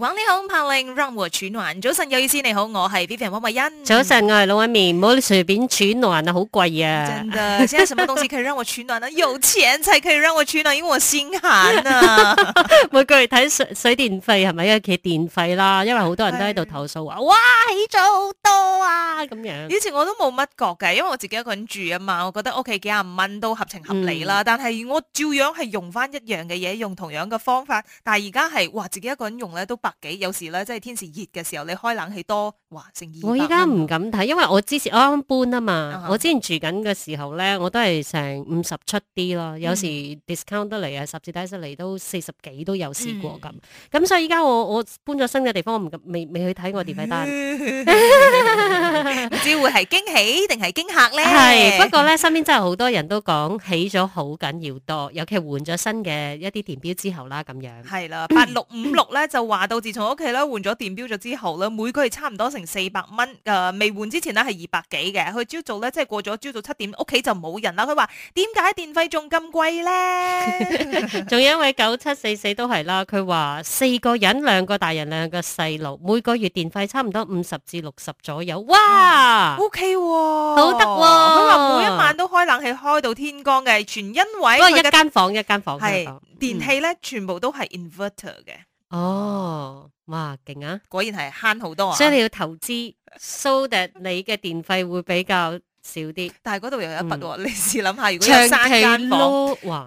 你好，拍令讓我取暖。早晨有意思，你好，我係 Vivian 王慧欣。早晨，我係老阿面，唔好你隨便取暖啊，好貴啊。真嘅，即係什麼東西可以讓我取暖啊？ 有錢才可以讓我取暖，因為我心寒啊。 每個月睇水水電費係咪？因為企電費啦，因為好多人都喺度投訴話。哇，起咗好多啊，咁樣。以前我都冇乜覺嘅，因為我自己一個人住啊嘛，我覺得屋企幾廿蚊都合情合理啦。嗯、但係我照樣係用翻一樣嘅嘢，用同樣嘅方法，但係而家係哇，自己一個人用咧都百幾，有時咧，即係天時熱嘅時候，你開冷氣多，哇，成二我依家唔敢睇，因為我之前我啱搬啊嘛，uh huh. 我之前住緊嘅時候咧，我都係成五十出啲咯，有時 discount 得嚟啊，十字打晒嚟都四十幾都有試過咁。咁所以依家我我搬咗新嘅地方，我唔敢未未，未去睇我電費單，唔 知會係驚喜定係驚嚇咧。係，不過咧身邊真係好多人都講起咗好緊要多，尤其換咗新嘅一啲電表之後啦，咁樣。係啦， 八六五六咧就話到。自從屋企咧換咗電表咗之後咧，每個月差唔多成四百蚊。誒、呃，未換之前咧係二百幾嘅。佢朝早咧即係過咗朝早七點，屋企就冇人 啦。佢話點解電費仲咁貴咧？仲有一位九七四四都係啦。佢話四個人，兩個大人，兩個細路，每個月電費差唔多五十至六十左右。哇、嗯、，O、okay、K，、哦、好得咯、哦。佢話每一晚都開冷氣開到天光嘅，全因為我一間房一間房，係是、嗯、電器咧全部都係 inverter 嘅。哦，哇，勁啊！果然係慳好多，啊！所以你要投資 ，so that 你嘅電費會比較少啲。但係嗰度又有一筆喎、哦，嗯、你試諗下，如果有三間房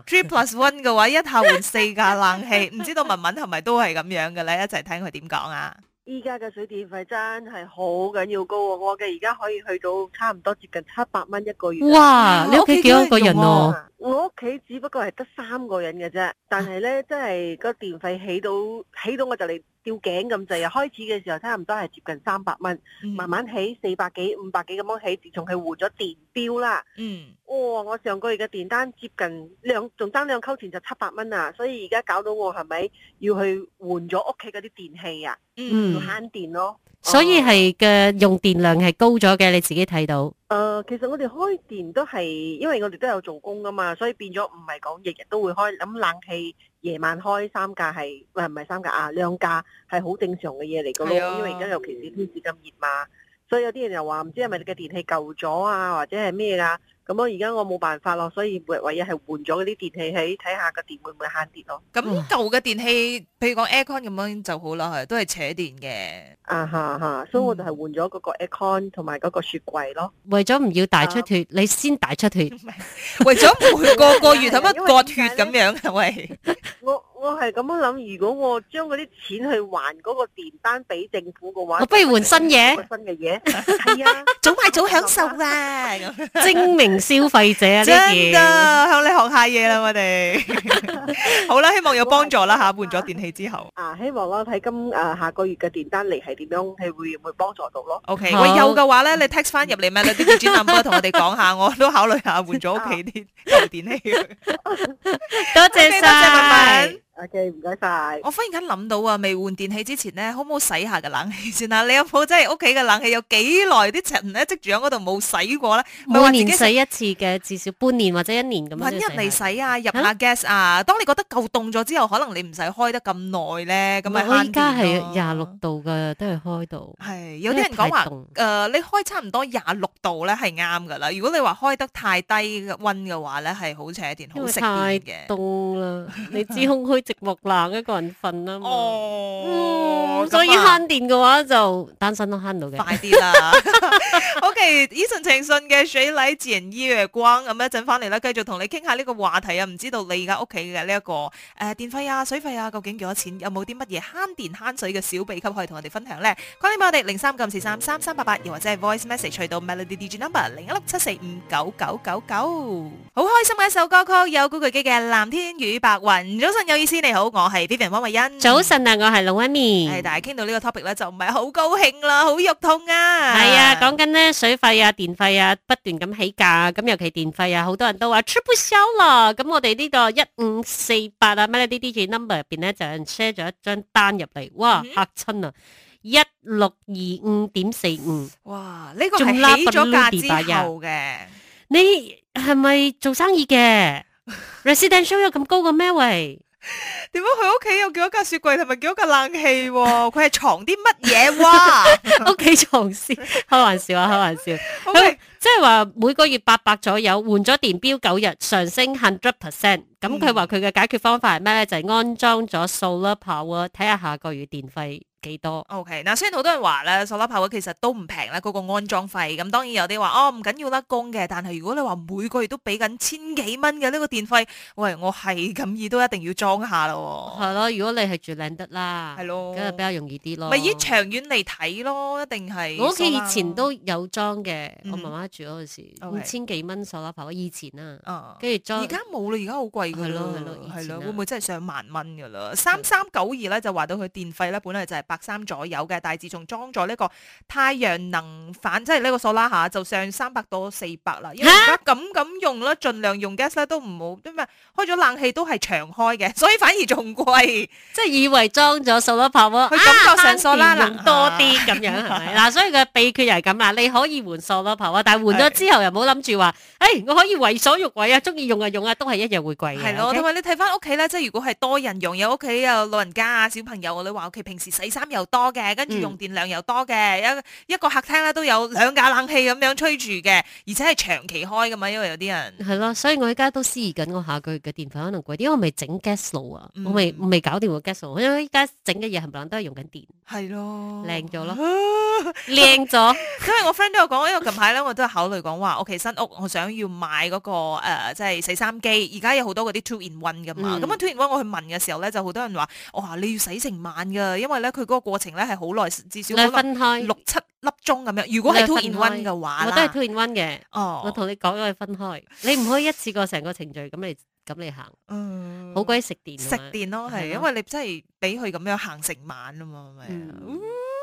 three plus one 嘅話，一下換四架冷氣，唔 知道文文係咪都係咁樣嘅咧？一齊聽佢點講啊！依家嘅水電費真係好緊要高，我嘅而家可以去到差唔多接近七百蚊一個月。哇！你屋企幾多個人哦、啊？我屋企只不過係得三個人嘅啫，但係咧，真係個電費起到起到我就嚟，吊頸咁就，又開始嘅時候差唔多係接近三百蚊，慢慢起四百幾、五百幾咁樣起，自從佢換咗電表啦。嗯，哇！我上個月嘅電單接近兩，仲爭兩嚿錢就七百蚊啊！所以而家搞到我係咪要去換咗屋企嗰啲電器啊？嗯，要慳電咯。所以係嘅用電量係高咗嘅，你自己睇到。誒，其實我哋開電都係，因為我哋都有做工噶嘛，所以變咗唔係講日日都會開，咁冷氣。夜晚開三架係喂唔係三架啊，兩架係好正常嘅嘢嚟嘅咯，的因為而家尤其是天時咁熱嘛，所以有啲人又話唔知係咪你嘅電器舊咗啊，或者係咩啊？咁啊，而家我冇辦法咯，所以唯一唯一係換咗嗰啲電器起，睇下個電會唔會慳啲咯。咁、嗯、舊嘅電器，譬如講 aircon 咁樣就好啦，係都係扯電嘅、嗯啊。啊哈哈，所以我哋係換咗嗰個 aircon 同埋嗰個雪櫃咯。為咗唔要大出血，啊、你先大出血。 為咗每個，個月咁樣 割血咁樣，係咪？喂我。我係咁樣諗，如果我將嗰啲錢去還嗰個電單俾政府嘅話，我不如換新嘢，新嘅嘢，係啊，早買早享受啦。精明消費者啊，真噶，向你學下嘢啦，我哋。好啦，希望有幫助啦吓，換咗電器之後。啊，希望我睇今誒下個月嘅電單嚟係點樣，係會唔會幫助到咯？OK，我有嘅話咧，你 text 翻入嚟咩？你點點點咁樣同我哋講下，我都考慮下換咗屋企啲舊電器。多謝晒。拜拜。ok 唔該晒，我忽然間諗到啊，未換電器之前咧，好唔好洗下個冷氣先啊？你有冇真係屋企嘅冷氣有幾耐啲塵咧積住喺嗰度冇洗過咧？唔係年洗一次嘅，至少半年或者一年咁樣洗。揾人嚟洗啊，入下 gas 啊。啊當你覺得夠凍咗之後，可能你唔使開得咁耐咧，咁咪慳電囉。而家係廿六度嘅，都係開到係。有啲人講話誒，你開差唔多廿六度咧係啱噶啦。如果你話開得太低温嘅話咧，係好扯電，好食電嘅。凍啦，你只空虛。寂寞啦，一個人瞓啦，oh, 嗯，所以慳電嘅話就單身都慳到嘅。快啲啦，OK， Eason 情信，嘅水禮自然月光，咁一陣翻嚟啦，繼續同你傾下呢個話題啊。唔知道你而家屋企嘅呢一個誒、呃、電費啊、水費啊，究竟幾多錢？有冇啲乜嘢慳電慳水嘅小秘笈可以同我哋分享呢？掛線俾我哋零三九四三三三八八，8, 又或者係 voice message 去到 Melody DJ number 零一六七四五九九九九。好開心嘅一首歌曲，有古巨基嘅《藍天與白雲》。早晨有意先你好，我係 Vivian 黃慧欣。早晨啊，我係龍 Amy。係，但係傾到呢個 topic 咧，就唔係好高興啦，好肉痛啊。係啊，講緊咧水費啊、電費啊，不斷咁起價。咁尤其電費啊，好多人都話出不消啦。咁我哋呢個一五四八啊，Melody DJ number 入邊咧，就有人 share 咗一張單入嚟，哇吓親啊！一六二五點四五，哇，呢個仲起咗價之後嘅。你係咪做生意嘅？Residential 有咁高嘅咩？喂？點解佢屋企又叫咗架雪櫃同埋叫咗架冷氣？佢係藏啲乜嘢哇？屋企藏屍，開 玩笑啊，開玩笑。咁即係話每個月八百左右，換咗電表九日，上升 hundred percent。咁佢話佢嘅解決方法係咩咧？嗯、就係安裝咗 solar power，睇下下個月電費。幾多？OK，嗱、啊，雖然好多人話咧，手拉泡嘅其實都唔平啦，嗰、嗰個安裝費。咁當然有啲話哦，唔緊要啦，供嘅。但係如果你話每個月都俾緊千幾蚊嘅呢個電費，喂，我係咁意都一定要裝下咯。係咯，如果你係住靚得啦，係咯的，梗係比較容易啲咯。咪以長遠嚟睇咯，一定係。我屋企以前都有裝嘅，嗯、我媽媽住嗰陣時，okay. 五千幾蚊手拉泡。以前啊，跟住裝。而家冇啦，而家好貴噶啦，係咯，啊、會唔會真係上萬蚊噶啦？三三九二咧就話到佢電費咧，本來就係、是。百三左右嘅，但係自從裝咗呢個太陽能反，即係呢個索拉下，就上三百到四百啦。因為而家咁咁用咧，盡蛤量用 gas 都唔好，因為開咗冷氣都係長開嘅，所以反而仲貴。即係以為裝咗、啊、索拉泡佢感覺上索拉能多啲咁、啊、樣係嗱、 啊，所以個秘訣又係咁啦。你可以換索拉泡窩，但係換咗之後又冇諗住話，誒是、哎，我可以為所欲為啊，中意用啊用啊，都係一樣會貴嘅。係咯的，同埋 okay? 你睇翻屋企啦，即係如果係多人用，有屋企有老人家啊、小朋友，你我哋話屋企平時洗又多嘅，跟住用電量又多嘅，一、嗯、一個客廳咧都有兩架冷氣咁樣吹住嘅，而且係長期開嘅嘛，因為有啲人係咯，所以我而家都思議緊我下個月嘅電費可能貴啲，因為我未整 gas 爐啊，嗯、我未未搞掂個 gas 爐，因為而家整嘅嘢冚唪唥都係用緊電，係的咯，靚咗咯，靚咗，因為我 friend 都有講，因為近排咧我都係考慮講話屋企新屋，我想要買嗰、那個即係、呃就是、洗衫機，而家有好多嗰啲 two in one 嘅嘛，咁啊 two in one 我去問嘅時候咧，就好多人話，我話你要洗成萬㗎，因為咧佢。個過程咧係好耐，至少分開六七粒鐘咁樣。如果係 two in one 嘅話，我都係 two in one 嘅。哦，我同你講咗係分開，你唔可以一次過成個程序咁你咁嚟行。嗯，好鬼食電。食電咯，係因為你真係俾佢咁樣行成晚啊嘛，係咪啊？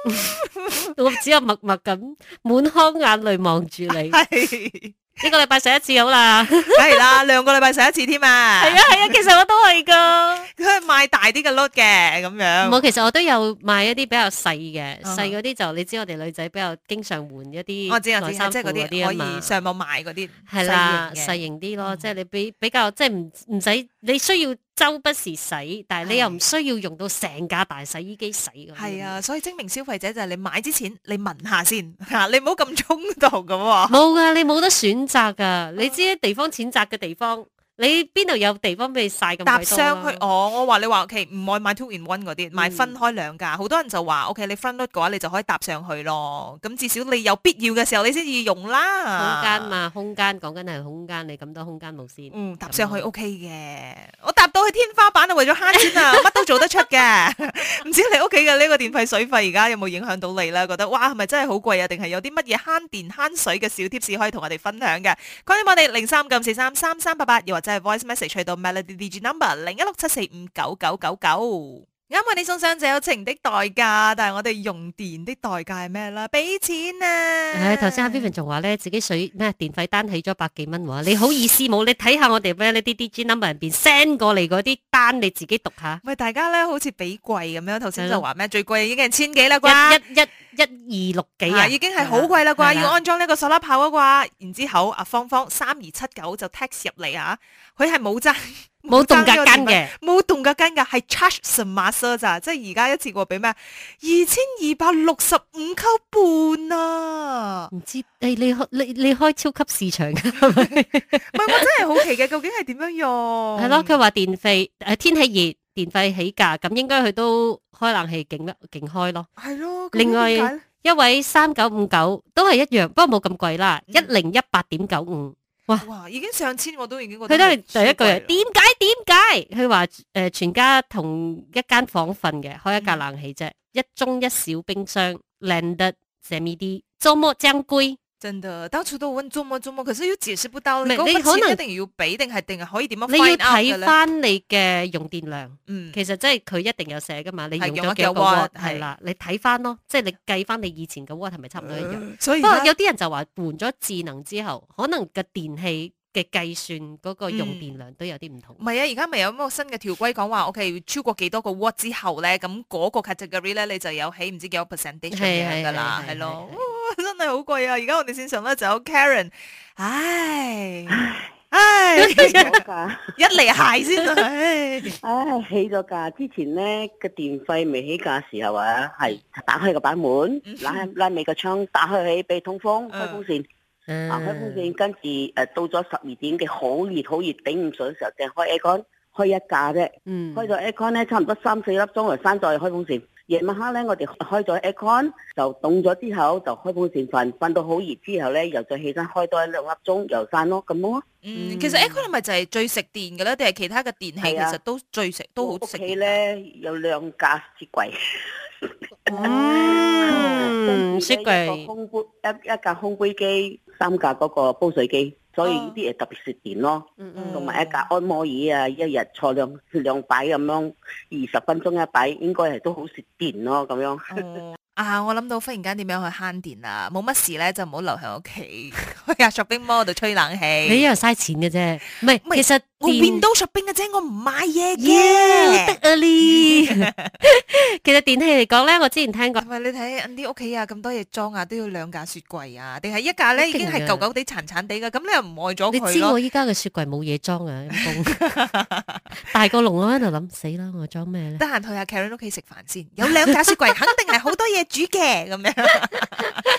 我只有默默咁滿腔眼淚望住你。一個禮拜上一次好啦，梗係啦，兩個禮拜上一次添啊， 啊！係啊係啊，其實我都係噶，佢 賣大啲嘅 load 嘅咁樣。冇，其實我都有賣一啲比較細嘅，細嗰啲就是、你知我哋女仔比較經常換一啲、啊、我知內衫嗰啲可以上網買嗰啲，係啦，啊，細型啲咯，嗯、即係你比比較即係唔唔使你需要。周不時洗，但係你又唔需要用到成架大洗衣機洗嘅。係啊，所以精明消費者就係你買之前，你聞下先吓，你唔好咁衝動咁啊。冇噶，你冇得選擇噶，你知啲地方淺窄嘅地方，你邊度有地方俾你晒咁多？搭上去，我我話你話，O K，唔愛買 two in one 嗰啲，買分開兩架。好多人就話，O K，你 frontload 嘅話，你就可以搭上去咯。咁至少你有必要嘅時候，你先至用啦。空間嘛，空間講緊係空間，你咁多空間冇線，嗯，搭上去 O K 嘅，我。搭到去天花板啊，為咗慳錢啊，乜都做得出嘅。唔知你屋企嘅呢個電費水費而家有冇影響到你啦？覺得哇，係咪真係好貴啊？定係有啲乜嘢慳電慳水嘅小貼士可以同我哋分享嘅？關於我哋零三九四三三三八八，又或者係 voice message 去到 melody 嘅 number 零一六七四五九九九九。因我你送上就有情的代價，但係我哋用電的代價係咩啦？俾錢啊！唉、哎，頭先阿 Vivian 仲話咧，自己水咩電費單起咗百幾蚊，話你好意思冇？你睇下我哋咩呢啲 d 啲 number 入邊 send 過嚟嗰啲單，你自己讀下。喂，大家咧好似比貴咁樣，頭先就話咩最貴已經係千幾啦啩？一、一、一、二、六幾啊？啊已經係好貴啦啩，要安裝呢個手拉炮啊啩？然之後阿芳芳三二七九就 t e x t 入嚟啊，佢係冇爭。 冇凍結金嘅，冇凍結金噶，係 charge some money 咋，即係而家一次過俾咩？二千二百六十五扣半啊！唔知、哎、你你開你你開超級市場噶，係咪？唔係， 我真係好奇嘅， 究竟係點樣用？係咯，佢話電費誒天氣熱，電費起價，咁應該佢都開冷氣勁勁開咯。係咯，另外一位三九五九都係一樣，不過冇咁貴啦，一零一八點九五。哇！已經上千我都已經覺得佢都係第一句，點解點解？佢話誒全家同一間房瞓嘅，開一格冷氣啫，嗯、一中一小冰箱，靚得咩啲，裝模裝攰。 真的，到處都問租麼租麼，可是又解釋不到。你可能一定要俾，定係定係可以點樣？你要睇翻你嘅用電量。嗯，其實即係佢一定有寫噶嘛，你用咗幾多個瓦？係啦，你睇翻咯，即係你計翻你以前嘅瓦係咪差唔多一樣？不過有啲人就話換咗智能之後，可能個電器嘅計算嗰個用電量都有啲唔同。唔係啊，而家咪有乜新嘅條規講話？OK，超過幾多個瓦之後咧，咁嗰個 category 咧，你就有起唔知幾多 percentage 啦，係咯。 真係好貴啊！而家我哋綫上咧就有 Karen，唉唉，一嚟鞋先唉，唉起咗價。之前咧個電費未起價時候啊，係打開個板門， 拉拉埋個窗，打開起俾通風，開風扇，開風扇，跟住誒到咗十二點嘅好熱好熱頂唔順嘅時候，就開 aircon 開一架啫，開咗 aircon 咧差唔多三四粒鐘嚟閂再開風扇。夜晚黑咧，我哋開咗 aircon 就凍咗之後，就開風扇瞓，瞓到好熱之後咧，又再起身開多一兩粒鐘，又散咯咁咯。嗯，嗯其實 aircon 咪就係最食電嘅咧，定係其他嘅電器其實都最食，啊、都好食。屋企咧有兩架雪櫃，嗯，雪櫃，空杯一一架空杯機，三架嗰個煲水機。所以呢啲嘢特別蝕電咯，同埋、哦嗯嗯、一架按摩椅啊，一日坐兩兩擺咁樣，二十分鐘一擺，應該係都好蝕電咯咁樣、嗯。 啊，我諗到忽然間點樣去慳電啊？冇乜事咧，就唔好留喺屋企去壓縮冰魔度吹冷氣。 你又嘥錢嘅啫，唔係但 是其實。我 Windows 冰嘅啫，我唔買嘢嘅，得啊呢。其實電器嚟講咧，我之前聽過。唔係你睇啲屋企啊，咁多嘢裝啊，都要兩架雪櫃啊，定係一架咧已經係舊舊地殘殘地嘅，咁你又唔愛咗？你知我依家嘅雪櫃冇嘢裝啊，大個龍我喺度諗死啦，我裝咩咧？得閒去阿 Karen 屋企食飯先，有兩架雪櫃，肯定係好多嘢煮嘅咁樣，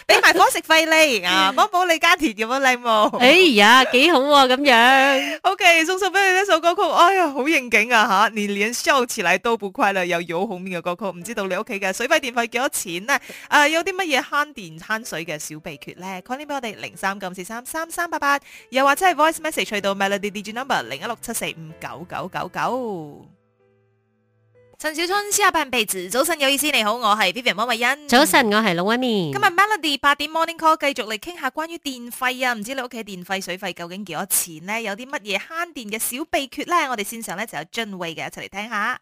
俾埋伙食費你啊，幫補你家庭嘅好禮物。哎呀，幾好喎，咁樣。OK，送出。俾你一首歌曲，哎呀，好應景啊吓！你連笑起來都不快樂，又有游鴻明嘅歌曲。唔知道你屋企嘅水費電費幾多錢咧？啊、呃，有啲乜嘢慳電慳水嘅小秘訣咧？calling 俾我哋零三九四三三三八八，8, 又或者係 voice message 去到 melody Digi number 零一六七四五九九九九。99 99. 陳小春私下拍人被子，早晨，有意思，你好，我係 Vivian 莫慧欣，早晨，我係老威面。今日 Melody 八點 Morning Call 繼續嚟傾下關於電費啊，唔知你屋企電費水費究竟幾多錢呢？有啲乜嘢慳電嘅小秘訣咧？我哋線上咧就有俊位嘅，一齊嚟聽下。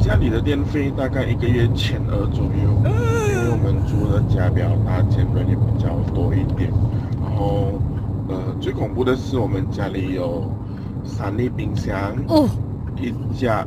家裏嘅電費大概一個月千二左右，uh, 因為我們住嘅家比較大，電能也比較多一點。然後，呃，最恐怖嘅係，我們家裏有三台冰箱，uh. 一架。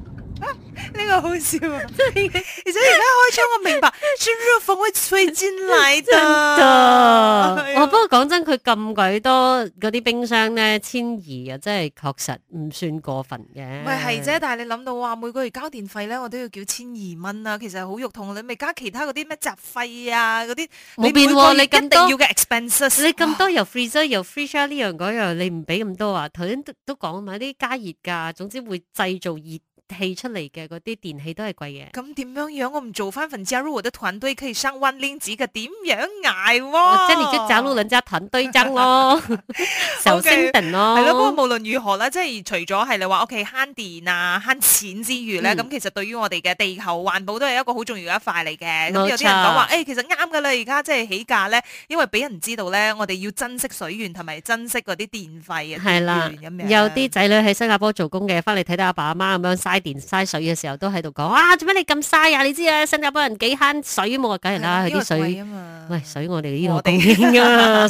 呢個好笑，啊，而且而家開窗，我明白，啲熱風會吹進嚟真嘅，不過講真，佢咁鬼多嗰啲冰箱咧，千二又真係確實唔算過分嘅。咪係啫？但係你諗到哇，每個月交電費咧，我都要叫千二蚊啊！其實好肉痛。你咪加其他嗰啲咩雜費啊？嗰啲冇變喎。你梗定要嘅 expenses，你咁多又 freezer 又 freezer 呢樣嗰樣，你唔俾咁多啊？頭先都講埋啲加熱噶，總之會製造熱。電器出嚟嘅嗰啲電器都係貴嘅，咁點樣樣我唔做翻份加入我的團隊，可以生 one lens 噶？點、啊、樣挨 Okay,、嗯？即係即係揸擼兩揸盾堆增咯，首先定咯。係咯，不過無論如何啦，即係除咗係你話屋企慳電啊慳錢之餘咧，咁、嗯、其實對於我哋嘅地球環保都係一個好重要嘅一塊嚟嘅。咁、嗯嗯、有啲人講話，誒、欸，其實啱噶啦，而家即係起價咧，因為俾人知道咧，我哋要珍惜水源同埋珍惜嗰啲電費啊。係啦，樣有啲仔女喺新加坡做工嘅，翻嚟睇到阿爸阿媽咁樣電嘥水嘅時候都喺度講啊，做咩你咁嘥啊？你知啊，新加坡人幾慳水冇啊？梗係啦，佢啲水啊，水嘛喂水我哋呢度。地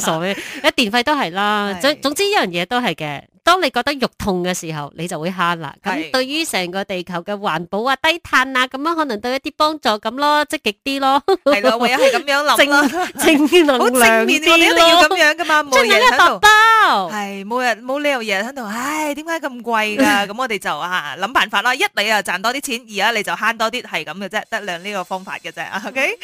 傻閪，一電費都係啦，總的總之呢樣嘢都係嘅。當你覺得肉痛嘅時候，你就會慳啦。咁對於成個地球嘅環保啊、低碳啊，咁樣可能對一啲幫助咁咯，積極啲咯，係咯，唯有係咁樣諗啦，正面能量，好正面嘅，你一定要咁樣噶嘛，冇人喺度，係冇人冇理由日日喺度。唉，點解咁貴噶？咁我哋就啊諗辦法啦。一嚟啊，賺多啲錢；二嚟，你就慳多啲，係咁嘅啫，得兩呢個方法嘅啫。OK，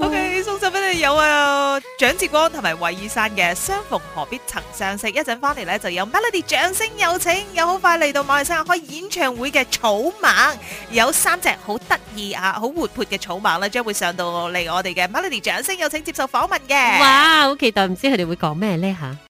OK，送咗俾你有啊蔣志光同埋韋綺姍嘅《相逢何必曾相識》。一陣翻嚟咧，就有 Melody。掌聲有請，有好快嚟到馬來西亞開演唱會嘅草蜢，有三隻好得意啊，好活潑嘅草蜢啦，將會上到嚟我哋嘅 Melody，掌聲有請接受訪問嘅，哇，好期待，唔知佢哋會講咩呢？吓。